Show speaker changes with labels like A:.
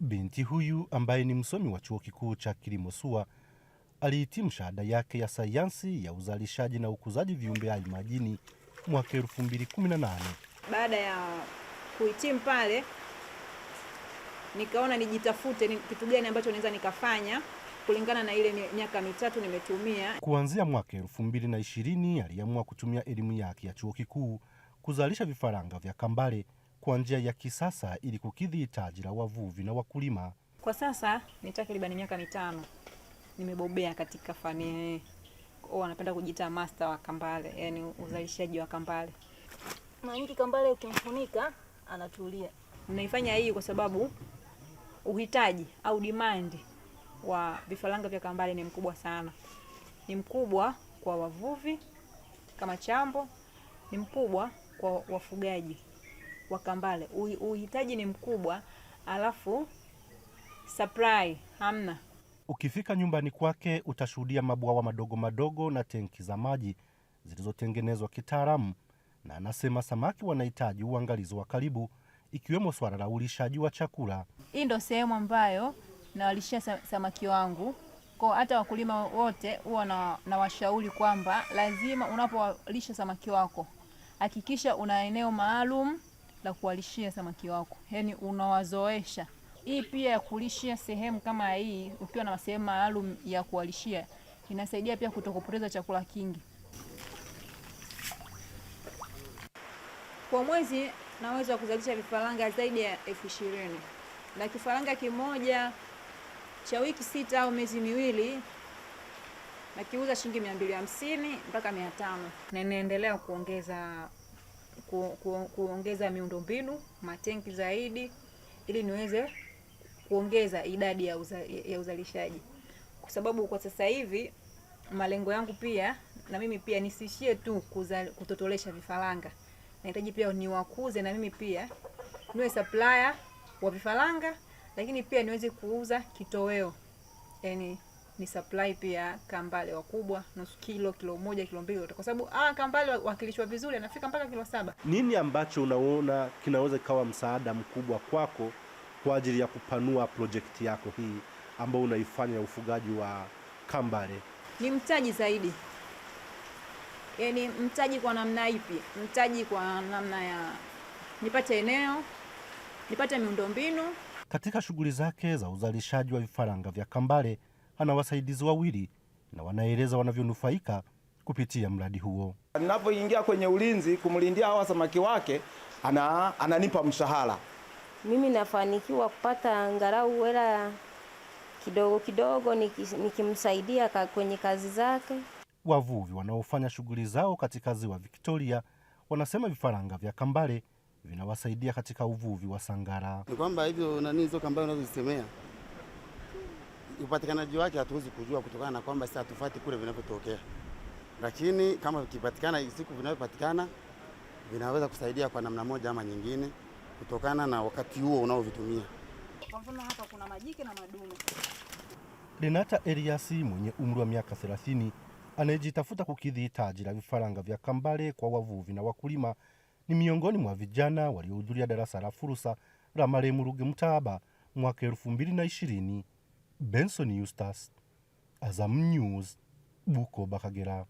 A: Binti huyu ambaye ni msomi wa chuo kikuu cha kilimo SUA alihitimu shahada yake ya sayansi ya uzalishaji na ukuzaji viumbe hai majini mwaka nane.
B: Baada ya kuhitimu pale nikaona nijitafute ni kitu gani ambacho naweza nikafanya kulingana na ile miaka mitatu nimetumia.
A: Kuanzia mwaka ishirini aliamua kutumia elimu yake ya chuo kikuu kuzalisha vifaranga vya kambale kwa njia ya kisasa ili kukidhi hitaji la wavuvi na wakulima.
B: Kwa sasa ni takribani miaka mitano nimebobea katika fani, wanapenda kujiita master wa kambale, yani uzalishaji wa kambale.
C: Mara nyingi kambale ukimfunika anatulia.
B: Naifanya hii kwa sababu uhitaji au dimandi wa vifaranga vya kambale ni mkubwa sana, ni mkubwa kwa wavuvi kama chambo, ni mkubwa kwa wafugaji wa Kambale. Uhitaji ni mkubwa, alafu supply hamna.
A: Ukifika nyumbani kwake utashuhudia mabwawa madogo madogo na tenki za maji zilizotengenezwa kitaalamu, na anasema samaki wanahitaji uangalizi wa karibu, ikiwemo swala la ulishaji wa chakula.
B: Hii ndo sehemu ambayo nawalishia samaki wangu kwa hata wakulima wote huwa na, na washauri kwamba lazima unapowalisha samaki wako hakikisha una eneo maalum la kuwalishia samaki wako, yaani unawazoesha. Hii pia ya kulishia sehemu kama hii, ukiwa na sehemu maalum ya kuwalishia, inasaidia pia kutokupoteza chakula kingi. Kwa mwezi naweza kuzalisha vifaranga zaidi ya elfu ishirini na kifaranga kimoja cha wiki sita au miezi miwili nakiuza shilingi mia mbili hamsini mpaka mia tano na inaendelea kuongeza ku, ku, kuongeza miundombinu matenki zaidi ili niweze kuongeza idadi ya, uza, ya uzalishaji kwa sababu kwa sasa hivi malengo yangu pia na mimi pia nisishie tu kuzal, kutotolesha vifaranga. Nahitaji pia niwakuze na mimi pia niwe supplier wa vifaranga, lakini pia niweze kuuza kitoweo yani ni supply pia kambale wakubwa nusu kilo, kilo moja, kilo mbili, kwa sababu ah, kambale wakilishwa vizuri anafika mpaka kilo saba.
D: Nini ambacho unaona kinaweza kawa msaada mkubwa kwako kwa ajili ya kupanua projekti yako hii ambayo unaifanya ya ufugaji wa kambale?
B: Ni mtaji zaidi, yaani mtaji kwa namna ipi? Mtaji kwa namna ya nipate eneo, nipate miundombinu.
A: Katika shughuli zake za uzalishaji wa vifaranga vya kambale ana wasaidizi wawili na wanaeleza wanavyonufaika kupitia mradi huo.
E: Ninapoingia kwenye ulinzi kumlindia hawa samaki wake, ana ananipa mshahara
F: mimi, nafanikiwa kupata angalau hela kidogo kidogo, nikimsaidia kwenye kazi zake.
A: Wavuvi wanaofanya shughuli zao katika ziwa Victoria wanasema vifaranga vya kambale vinawasaidia katika uvuvi wa sangara.
G: Ni kwamba hivyo nani hizo kambale unazozisemea upatikanaji wake hatuwezi kujua kutokana na kwamba sisi hatufuati kule vinavyotokea, lakini kama vikipatikana siku vinavyopatikana vinaweza kusaidia kwa namna moja ama nyingine, kutokana na wakati huo unaovitumia.
B: Kwa mfano hapa kuna majike na madume.
A: Renata Eliasi mwenye umri wa miaka 30 anayejitafuta kukidhi hitaji la vifaranga vya kambale kwa wavuvi na wakulima ni miongoni mwa vijana waliohudhuria darasa la fursa la Malemuruge Mutaba mwaka 2020. Bensoniustas, Azam News, Buko Bakagera.